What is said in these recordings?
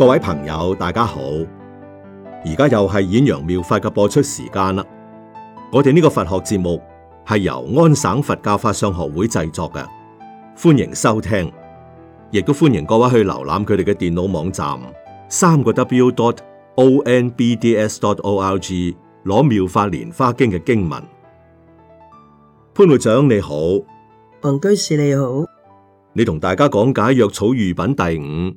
各位朋友，大家好！而家又係演揚妙法嘅播出時間啦。我哋呢個佛學節目係由安省佛教法相學會製作嘅，歡迎收聽，亦都歡迎各位去瀏覽佢哋嘅電腦網站三個 W dot O N B D S dot O R G 攞妙法蓮花經嘅經文。潘會長你好，黃居士你好，你同大家講解藥草喻品第五。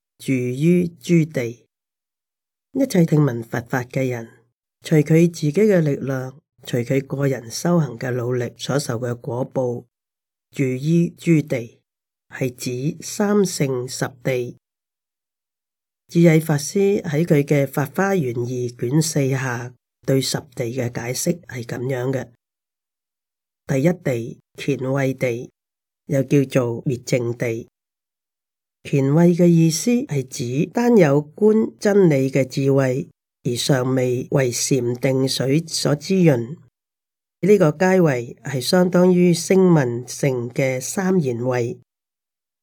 住於諸地，一切聽聞佛法嘅人，隨佢自己嘅力量，隨佢個人修行嘅努力所受嘅果報，住於諸地，係指三聖十地。智慧法師喺佢嘅《法花緣二卷四下》下對十地嘅解釋係咁樣嘅：第一地，乾慧地，又叫做滅淨地。權位嘅意思係指單有觀真理嘅智慧，而尚未為禪定水所滋潤。呢個階位係相當於聲聞乘嘅三賢位，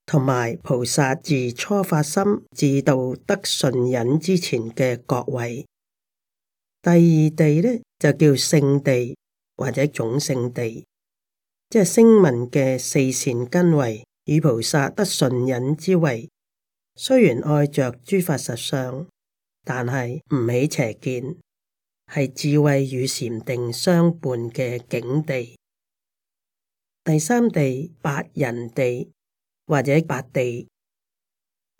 同埋菩薩自初發心至道得順忍之前嘅各位。第二地呢，就叫聖地或者總聖地，即係聲聞嘅四善根位。與菩薩得順忍之位，雖然愛着諸法實相，但係唔起邪見，係智慧與禪定相伴嘅境地。第三地八人地或者八地，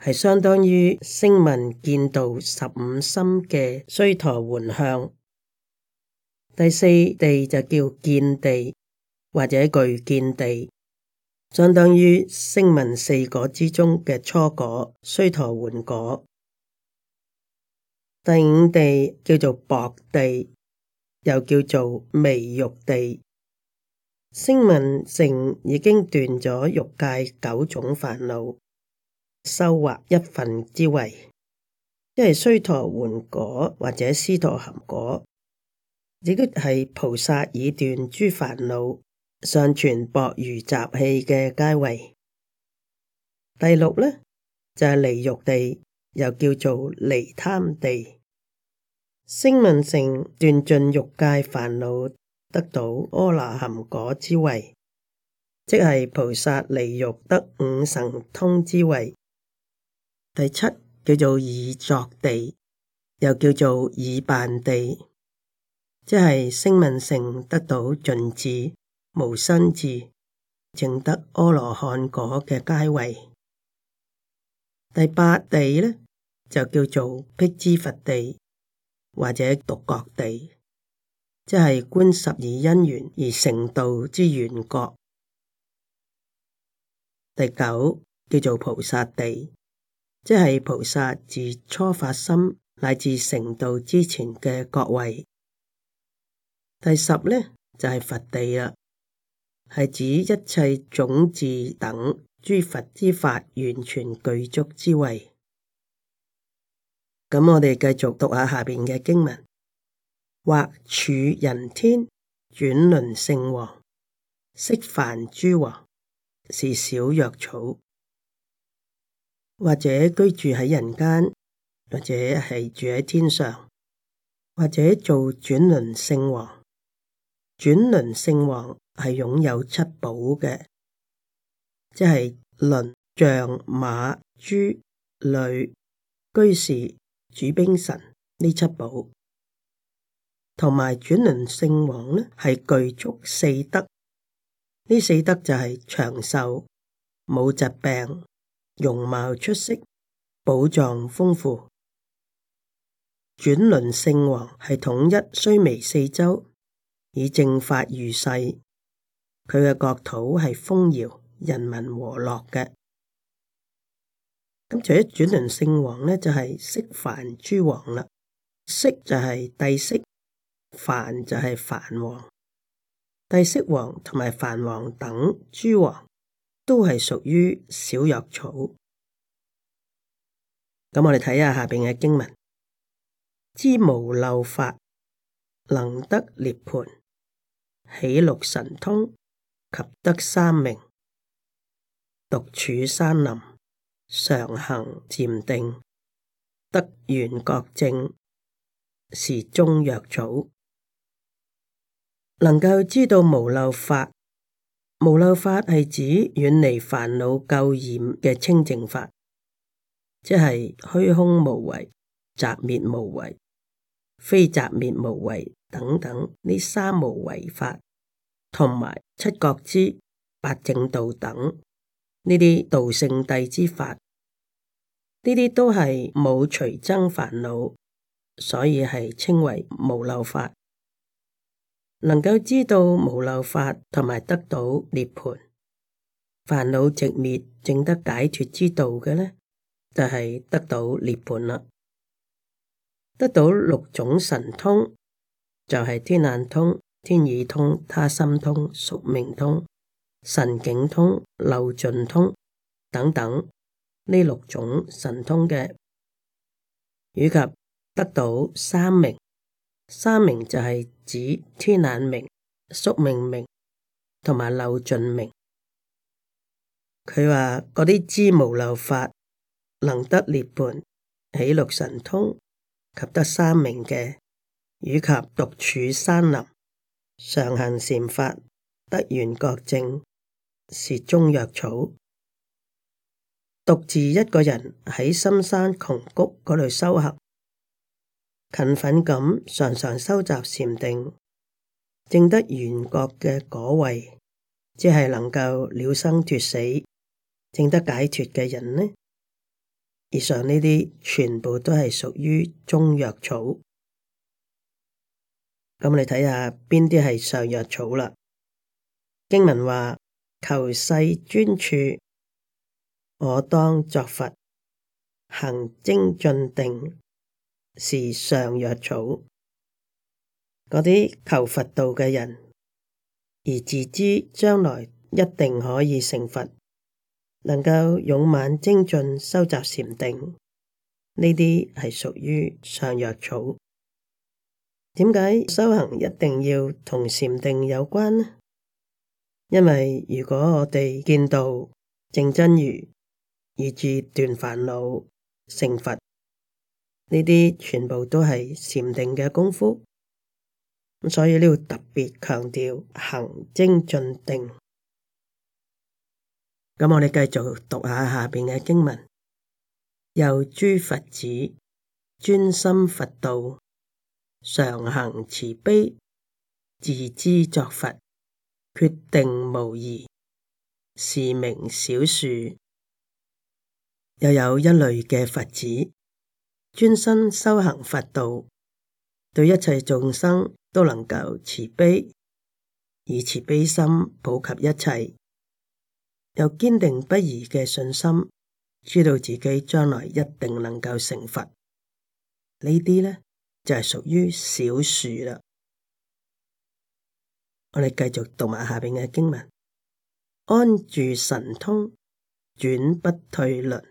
係相當於聲聞見道十五心嘅須陀洹向。第四地就叫見地或者具見地。相當於聲聞四果之中嘅初果、須陀洹果。第五地叫做薄地，又叫做微欲地。聲聞乘已經斷咗欲界九種煩惱，收穫一份之位。因為須陀洹果或者斯陀含果，亦都係菩薩已斷諸煩惱。上傳薄如雜氣嘅階位。第六呢就係離欲地，又叫做離貪地。聲聞成斷盡欲界煩惱，得到阿那含果之位，即係菩薩離欲得五神通之位。第七叫做以作地，又叫做以辦地，即係聲聞成得到盡智。無生智證得阿羅漢果嘅階位，第八地呢，就叫做辟支佛地或者獨覺地，即係觀十二因緣而成道之緣覺。第九叫做菩薩地，即係菩薩自初發心乃至成道之前嘅國位。第十呢，就係、是、佛地啦。係指一切種智等諸佛之法完全具足之位。咁我哋繼續讀下下邊嘅經文，或處人天轉輪聖王，釋梵諸王，是小藥草。或者居住喺人間，或者係住喺天上，或者做轉輪聖王，轉輪聖王。係擁有七寶嘅，即係輪、象、馬、珠、女、居士、主兵神呢七寶，同埋轉輪聖王呢係具足四德。呢四德就係長壽、冇疾病、容貌出色、寶藏豐富。轉輪聖王係統一須彌四洲，以正法如世。佢嘅國土係豐饒、人民和樂嘅。咁除咗轉輪聖王呢就係釋梵諸王啦。釋就係帝釋，梵就係梵王。帝釋王同埋梵王等諸王，都係屬於小藥草。咁我哋睇下下邊嘅經文：知無漏法，能得涅槃，喜六神通。及得三明獨處山林，常行禪定，得緣覺證，是中藥草。能夠知道無漏法，無漏法係指遠離煩惱垢染嘅清淨法，即係虛空無為、雜滅無為、非雜滅無為等等呢三無為法，同埋。七覺支、八正道等呢啲道聖諦之法，呢啲都係冇隨增煩惱，所以係稱為無漏法。能夠知道無漏法同埋得到涅槃，煩惱直滅，正得解脫之道嘅呢，就係、是、得到涅槃啦。得到六種神通，就係、是、天眼通。天耳通、他心通、宿命通、神境通、漏盡通等等呢六種神通嘅，以及得到三明。三明就係指天眼明、宿命明同埋漏盡明。佢話嗰啲知無漏法，能得涅槃、喜六神通及得三明嘅，以及獨處山林。常行善法，得緣覺證，是中藥草。獨自一個人喺深山窮谷嗰度修習，勤奮咁常常收集禪定，證得緣覺嘅果位，即係能夠了生脫死、證得解脫嘅人呢？以上呢啲全部都係屬於中藥草。咁你睇下邊啲係上藥草啦。經文話：求世尊處，我當作佛，行精進定，是上藥草。嗰啲求佛道嘅人，而自知將來一定可以成佛，能夠勇猛精進，收集禪定，呢啲係屬於上藥草。點解修行一定要同禪定有關呢？因為如果我哋見到正真如，以至斷煩惱、成佛，呢啲全部都係禪定嘅功夫。所以呢度特別強調行精進定。咁我哋繼續讀下下邊嘅經文，由諸佛子專心佛道。常行慈悲，自知作佛，決定無疑，是名小樹。又有一類嘅佛子，專心修行佛道，對一切眾生都能夠慈悲，以慈悲心普及一切，又堅定不移嘅信心，知道自己將來一定能夠成佛。呢啲咧。就係屬於小樹啦，我哋繼續讀埋下邊嘅經文：安住神通，轉不退輪，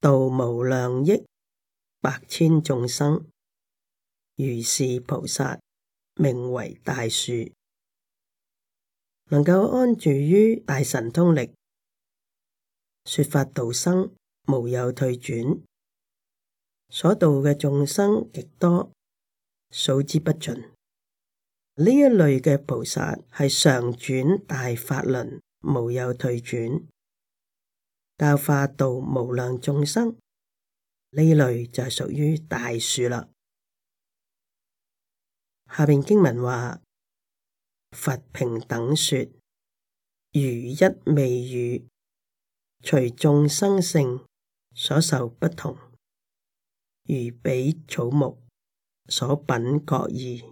度無量益，百千眾生，如是菩薩名為大樹，能夠安住於大神通力，說法度生，無有退轉。所度嘅眾生極多，數之不盡。呢一類嘅菩薩係常轉大法輪，無有退轉，教化度無量眾生。呢類就係屬於大樹啦。下邊經文話：佛平等說，如一味雨，隨眾生性所受不同。如彼草木所品各異，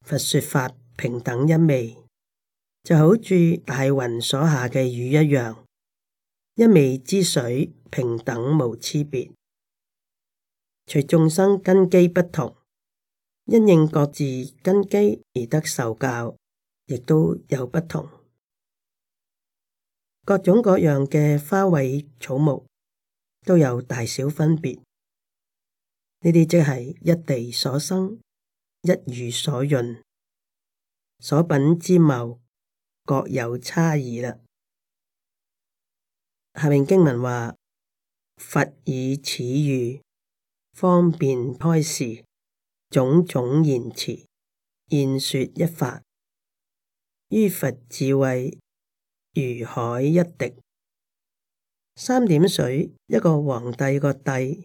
佛說法平等一味，就好似大雲所下嘅雨一樣，一味之水平等無差別。隨眾生根基不同，因應各自根基而得受教，亦都有不同。各種各樣嘅花卉草木。都有大小分別，呢啲即係一地所生、一如所潤、所品之貌各有差異啦。下面經文話：佛以此喻方便開示種種言辭，現說一法，於佛智慧如海一滴。三點水一個皇帝個帝呢、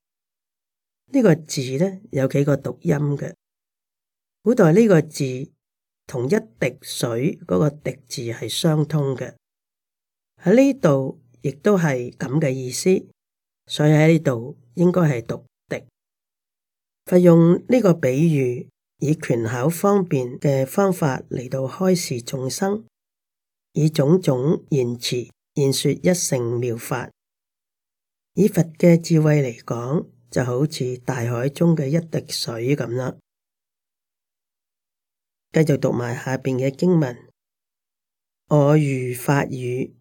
呢個字呢，有幾個讀音嘅？古代呢個字同一滴水嗰、嗰個滴字係相通嘅。喺呢度亦都係咁嘅意思，所以喺呢度應該係讀滴。佛用呢個比喻，以權巧方便嘅方法嚟到開示眾生，以種種言辭言説一乘妙法。以佛嘅智慧嚟講，就好似大海中嘅一滴水咁啦。繼續讀埋下邊嘅經文：我如法語，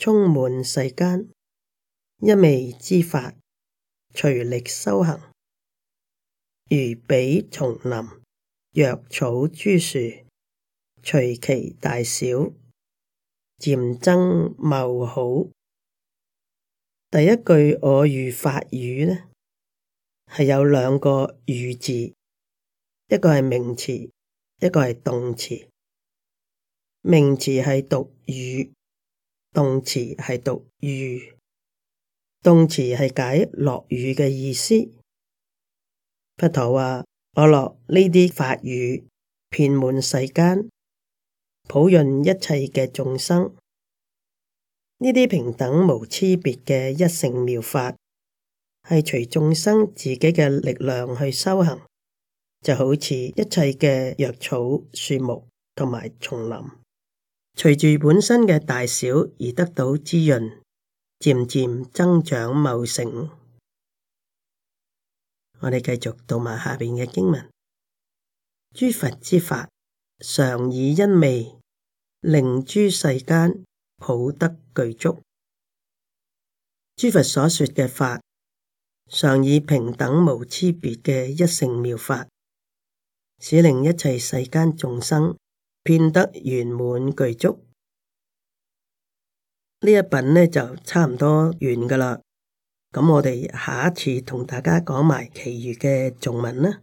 充滿世間一味之法，隨力修行，如彼叢林藥草諸樹，隨其大小，漸增茂好。第一句我雨法雨呢，係有兩個雨字，一個係名詞，一個係動詞。名詞係讀雨，動詞係讀雨。動詞係解落雨嘅意思。佛陀話我落呢啲法雨，遍滿世間，普潤一切嘅眾生。呢啲平等無差別嘅一乘妙法，係隨眾生自己嘅力量去修行，就好似一切嘅藥草、樹木同埋叢林，隨住本身嘅大小而得到滋潤，漸漸增長茂盛。我哋繼續讀埋下邊嘅經文：諸佛之法常以一味，令諸世間普得。具足，諸佛所說嘅法，常以平等無差別嘅一乘妙法，使令一切世間眾生變得圓滿具足。呢一品呢，就差唔多完噶啦，咁我哋下一次同大家講埋其餘嘅眾文啦。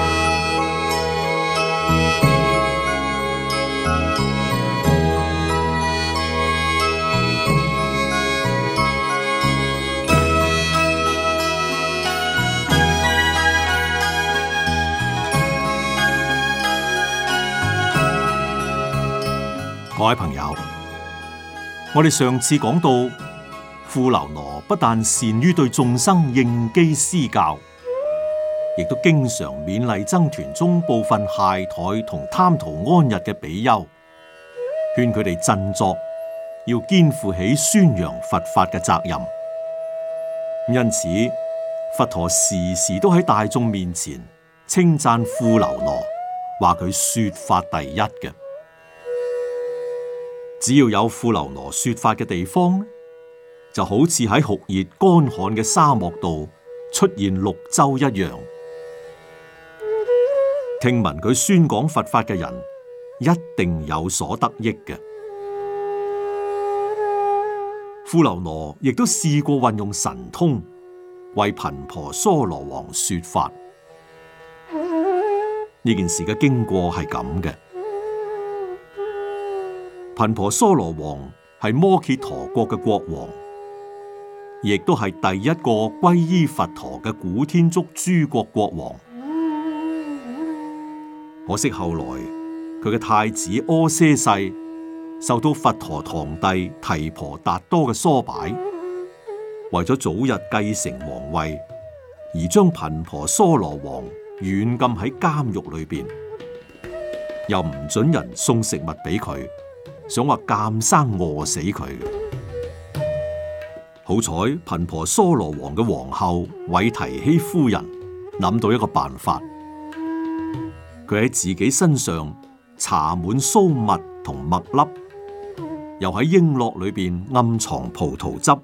各位朋友，我哋上次講到富樓那不但善於對眾生應機施教，亦都經常勉勵僧團中部分懈怠同貪圖安逸嘅比丘，勸佢哋振作，要肩負起宣揚佛法嘅責任。因此，佛陀時時都喺大眾面前稱讚富樓那，話佢說法第一嘅。只要有富流羅說法嘅地方，就好似喺酷熱乾旱嘅沙漠度出現綠洲一樣。聽聞佢宣講佛法嘅人，一定有所得益嘅。富流羅亦都試過運用神通為頻婆娑羅王說法。呢件事嘅經過係咁嘅。頻婆娑羅王係摩羯陀國嘅國王，亦都係第一個皈依佛陀嘅古天竺諸國國王。可惜後來佢嘅太子阿些世受到佛陀堂弟提婆達多嘅唆擺，為咗早日繼承皇位，而將頻婆娑羅王軟禁喺監獄裏邊，又唔准人送食物俾佢。想話監生餓死佢，好彩頻婆娑羅王嘅皇后韋提希夫人諗到一個辦法，佢喺自己身上搽滿酥蜜同麥粒，又喺瓔珞裏邊暗藏葡萄汁，咁、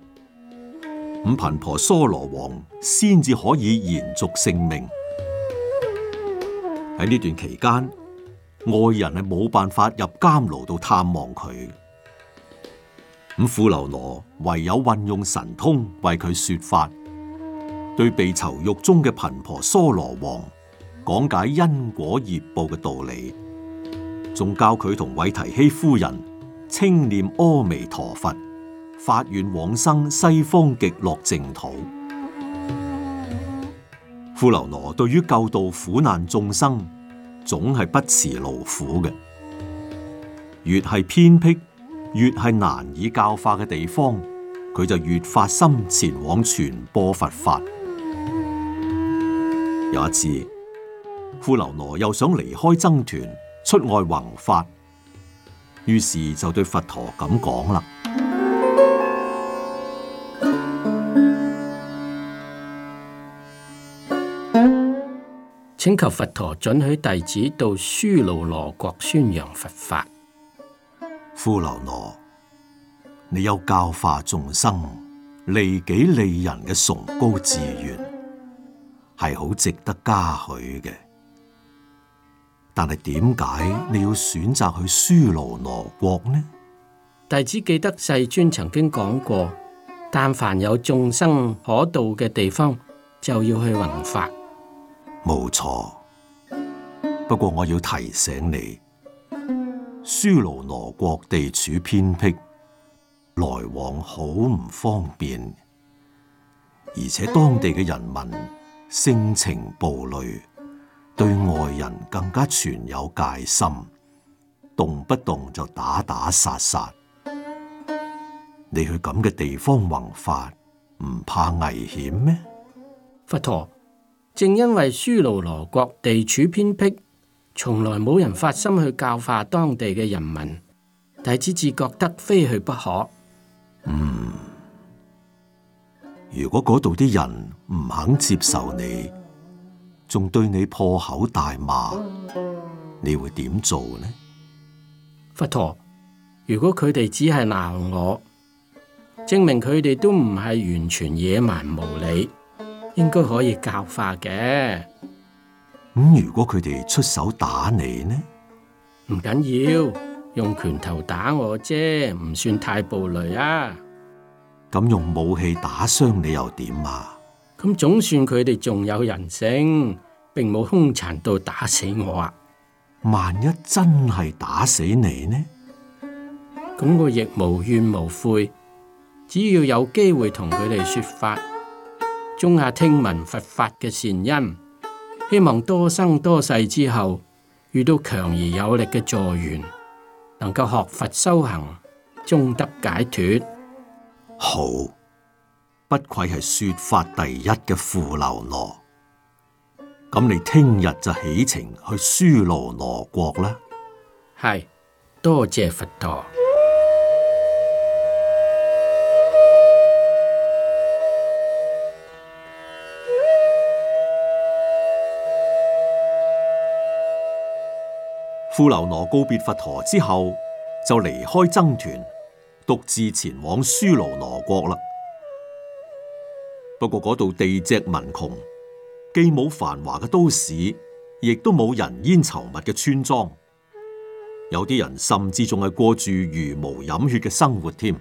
嗯、頻婆娑羅王先至可以延續性命。喺呢段期間。外人係冇辦法入監牢度探望佢，咁富流羅唯有運用神通為佢說法，對被囚獄中嘅頻婆娑羅王講解因果業報嘅道理，仲教佢同韋提希夫人清念阿彌陀佛，發願往生西方極樂淨土。富流羅對於救度苦難眾生，總係不辭勞苦嘅，越係偏僻，越係難以教化嘅地方，佢就越發心前往傳播佛法。 有一次，富流羅又想離開僧團，出外弘法，於是就對佛陀咁講啦。請求佛陀準許弟子到舒盧羅國宣揚佛法。富樓羅，你有教化眾生、利己利人嘅崇高志願，係好值得嘉許嘅。但係點解你要選擇去舒盧羅國呢？弟子記得世尊曾經講過，但凡有眾生可到嘅地方，就要去弘法。冇錯，不過我要提醒你，舒羅羅國地處偏僻，來往好唔方便，而且當地嘅人民性情暴戾，對外人更加存有戒心，動不動就打打殺殺。你去咁嘅地方弘法，唔怕危險咩？佛陀。正因為舒盧羅國地處偏僻，從來冇人發心去教化當地嘅人民，弟子只覺得非去不可。嗯，如果嗰度啲人唔肯接受你，仲對你破口大罵，你會點做呢？佛陀，如果佢哋只係鬧我，證明佢哋都唔係完全野蠻無理。應該可以教化嘅。咁如果佢哋出手打你呢？唔緊要，用拳頭打我啫，唔算太暴雷，暴戾啊。咁用武器打傷你又點啊？咁總算佢哋仲有人性，並冇兇殘到打死我啊。萬一真係打死你呢？咁我亦無怨無悔，只要有機會同佢哋說法。中下聽聞佛法嘅善因，希望多生多世之後遇到強而有力嘅助緣，能夠學佛修行，終得解脫。好，不愧係說法第一嘅富流羅，咁你聽日就起程去舒羅羅國啦。係，多謝佛陀。富流羅告別佛陀之後，就離開僧團，獨自前往舒盧羅國啦。不過嗰度地瘠民窮，既冇繁華嘅都市，亦都冇人煙稠密嘅村莊，有啲人甚至仲係過住茹毛飲血嘅生活添。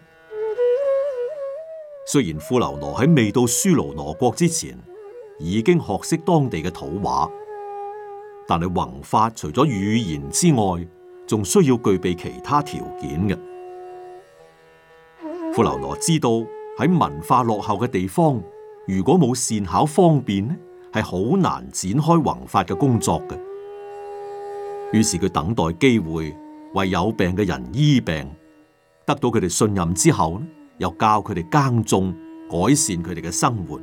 雖然富流羅喺未到舒盧羅國之前，已經學識當地嘅土話。但係弘法除咗語言之外，仲需要具備其他條件嘅。富流羅知道喺文化落後嘅地方，如果冇善巧方便呢，係好難展開弘法嘅工作嘅。於是佢等待機會，為有病嘅人醫病，得到佢哋信任之後，又教佢哋耕種，改善佢哋嘅生活。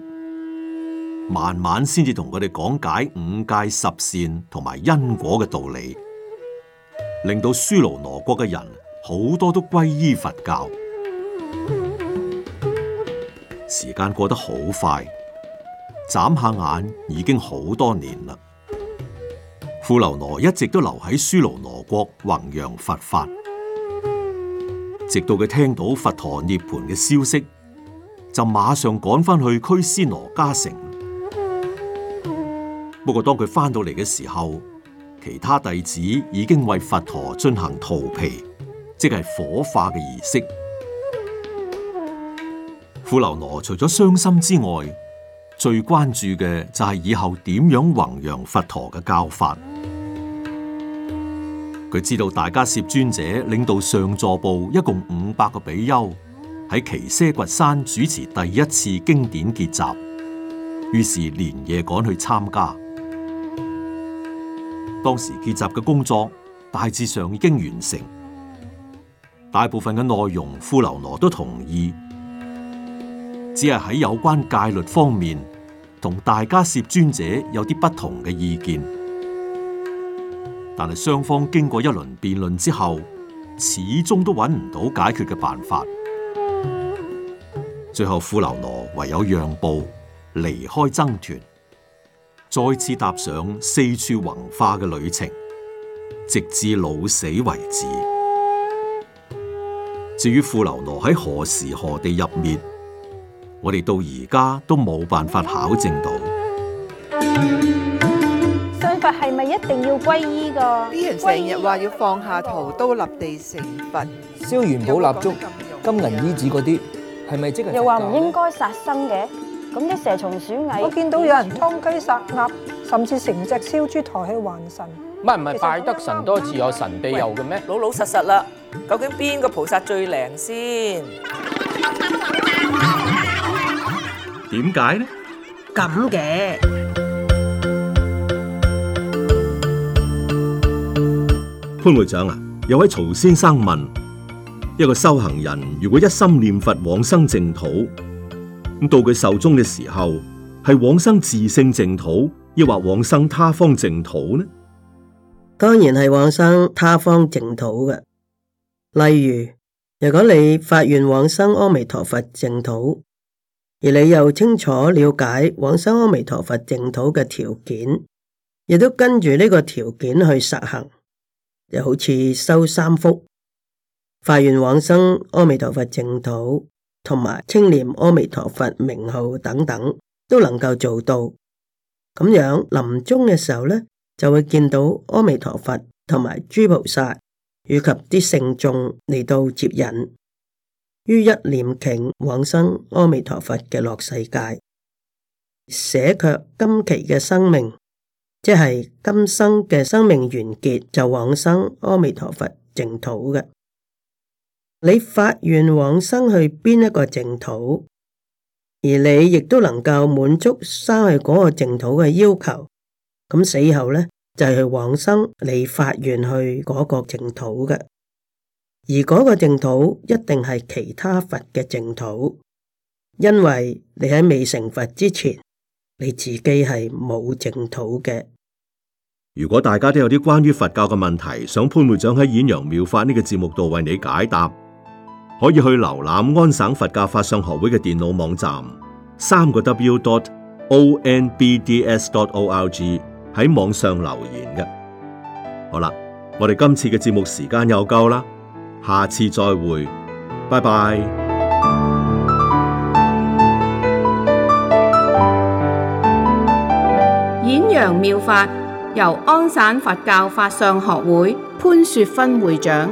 慢慢先至同佢哋講解五戒十善同埋因果嘅道理，令到舒奴羅國嘅人好多都皈依佛教。時間過得好快，眨下眼已經好多年啦。富樓羅一直都留喺舒奴羅國弘揚佛法，直到佢聽到佛陀涅槃嘅消息，就馬上趕翻去拘尸羅加城。不過當佢翻到嚟嘅時候，其他弟子已經為佛陀進行塗皮，即係火化嘅儀式。 富留羅除咗傷心之外，最關注嘅就係以後點樣弘揚佛陀嘅教法。佢知道大家攝尊者領到上座部，一共五百個比丘喺奇舍掘山主持第一次經典結集，於是連夜趕去參加。當時結集嘅工作大致上已經完成，大部分嘅內容富樓羅都同意，只係喺有關戒律方面同大迦葉尊者有啲不同嘅意見。但係雙方經過一輪辯論之後，始終都揾唔到解決嘅辦法。最後富樓羅唯有讓步，離開僧團。再次踏上四處弘化嘅旅程，直至老死為止。至於富流羅喺何時何地入滅，我哋到而家都冇辦法考證到。信佛係咪一定要皈依噶？啲人成日話要放下屠刀，立地成佛，燒元寶蠟燭、有有金銀衣紙嗰啲，係咪即係又話唔應該殺生嘅？咁啲蛇蟲鼠蟻，我見到有人劏雞殺鴨，甚至成隻燒豬抬去還神。唔係唔係，拜得神多自有神庇佑嘅咩？老老實實啦，究竟邊個菩薩最靈先？點解呢？咁嘅潘會長啊，有位曹先生問：一個修行人如果一心念佛往生淨土？到佢壽終嘅時候，係往生自性淨土，亦或往生他方淨土呢？當然係往生他方淨土嘅。例如，如果你發願往生阿彌陀佛淨土，而你又清楚了解往生阿彌陀佛淨土嘅條件，亦都跟住呢個條件去實行，就好似修三福，發願往生阿彌陀佛淨土。同埋清念阿彌陀佛名號等等都能夠做到，咁樣臨終嘅時候呢，就會見到阿彌陀佛同埋諸菩薩以及啲聖眾嚟到接引，於一念頃往生阿彌陀佛嘅樂世界，捨卻今期嘅生命，即係今生嘅生命完結就往生阿彌陀佛淨土嘅。你發願往生去邊一個淨土，而你亦都能夠滿足生去嗰個淨土嘅要求，咁死後咧就係去往生你發願去嗰個淨土嘅，而嗰個淨土一定係其他佛嘅淨土，因為你喺未成佛之前，你自己係冇淨土嘅。如果大家都有啲關於佛教嘅問題，想潘會長喺《演揚妙法》呢個節目度為你解答。可以去瀏覽安省佛教法相學會嘅電腦網站，三個 w.dot o n b d s.dot org 喺網上留言嘅。好啦，我哋今次嘅節目時間又夠啦，下次再會，拜拜。演揚妙法由安省佛教法相學會潘雪芬會長。